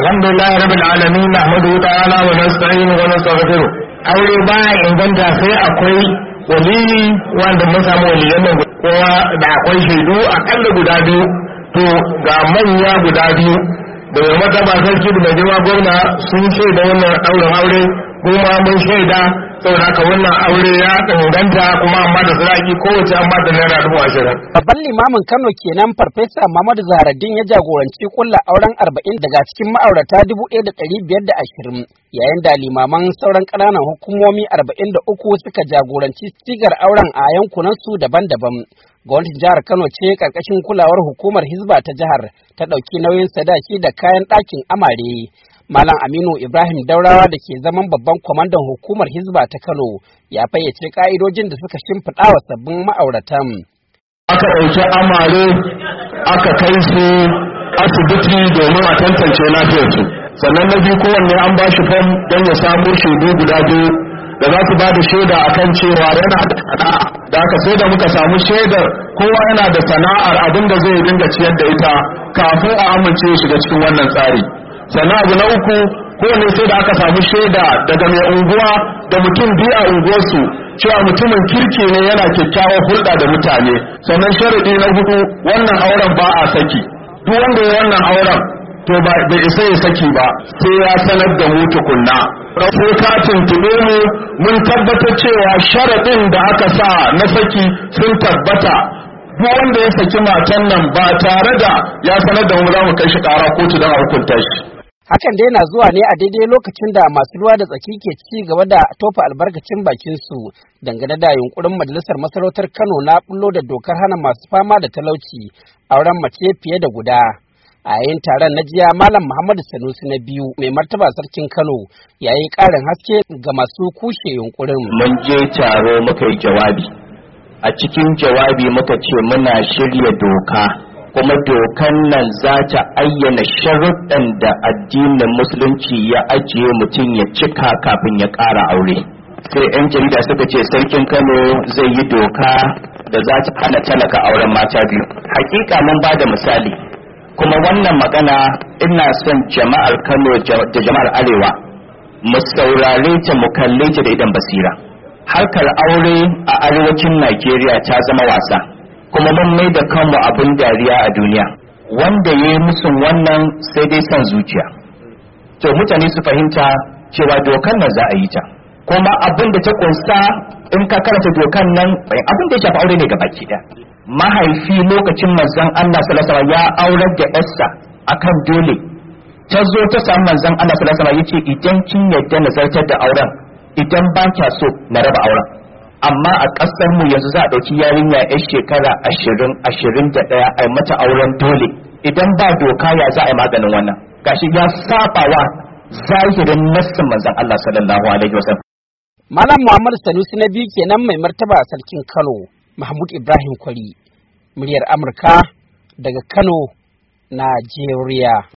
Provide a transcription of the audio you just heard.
الحمد لله رب العالمين نحمده تعالى ونستعينه ونستغفره aure baya inganta sai akwai walili wanda mun samu waliyan nan kowa da akwai shaidu akalla guda biyu to ga manya guda biyu da mai mataba sarki da mai girma gwamna sun shaida wannan ɗaurin aure kuma mun shaida saboda haka wannan aure ya danganta kuma amma da ziraki kowace amma da naira dubu ashirin. Babban limamin Kano kenan Farfesa Muhammadu Zaharaddin ya jagoranci kulla auren arba'in daga cikin ma'aurata dubu ɗaya da ɗari biyar da ashirin yayin da limaman sauran ƙananan hukumomi arba'in da uku suka jagoranci sigar auren a yankunansu daban-daban. Gwamnatin jihar Kano ce ƙarƙashin kulawar hukumar Hizba ta jihar ta ɗauki nauyin sadaki da kayan ɗakin amare. Malam Aminu Ibrahim Daurawa da ke zaman babban kwamandan hukumar Hizba ta Kano ya fayyace ka'idojin da suka shimfiɗa wa sabbin ma'auratan. Aka ɗauki amare aka kai su asibiti domin a tantance lafiyarsu. Sannan na biyu kowanne an ba shi fam don ya samu shaidu guda biyu da za su ba da shaida a kan cewa yana da sana'a da aka sai da muka samu shaidar kowa yana da sana'ar abin da zai dinga ciyar da ita kafin a amince shiga cikin wannan tsari sannan abu na uku ne sai da aka samu shaida daga mai unguwa da mutum biyu a unguwarsu cewa mutumin kirki ne yana kyakkyawar hulɗa da mutane sannan sharadi na hudu wannan auren ba a saki duk wanda ya wannan auren to ba bai isa ya saki ba sai ya sanar da mu tukunna sai ka tuntube mu mun tabbatar cewa sharadin da aka sa na saki sun tabbata duk wanda ya saki matan nan ba tare da ya sanar da mu za mu kai shi ƙara kotu don a hukunta shi Hakan dai na zuwa ne a daidai lokacin da masu ruwa da tsaki ke ci gaba da tofa albarkacin bakin su dangane da yunkurin majalisar masarautar Kano na bullo da dokar hana masu fama da talauci auren mace fiye da guda. A yayin taron na jiya Malam Muhammadu Sanusi na biyu mai martaba sarkin Kano ya yi ƙarin haske ga masu kushe yunkurin. Mun je taro muka yi jawabi. A cikin jawabi muka ce muna shirya doka kuma dokan nan za ta ayyana sharuɗan da addinin musulunci ya ajiye mutum ya cika kafin ya ƙara aure sai 'yan jarida suka ce sarkin kano zai yi doka da za ta hana talaka auren mata biyu hakika mun ba da misali kuma wannan magana ina son jama'ar kano da jama'ar arewa mu saurare ta mu kalle ta da idan basira harkar aure a arewacin najeriya ta zama wasa kuma mun mai da kanmu abin dariya a duniya wanda ya yi musun wannan sai dai son zuciya to mutane su fahimta cewa dokan nan za a yi ta kuma abin da ta kunsa in ka karanta dokan nan abin da ya shafi aure ne ga baki da mahaifi lokacin manzon Allah sallallahu alaihi ya aurar da Esther akan dole ta zo ta samu manzon Allah sallallahu alaihi yace idan kin yarda na zartar da auren idan ba kya so na raba auren amma a ƙasar yanzu za a ɗauki yarinya yar shekara ashirin ashirin da ɗaya a mata auren dole idan ba doka ya za a yi maganin wannan gashi ya saba wa zahirin nassin manzan Allah sallallahu alaihi wasallam Malam Muhammad Sanusi na biyu kenan mai martaba sarkin Kano Mahmud Ibrahim Kwari muryar Amurka daga Kano Najeriya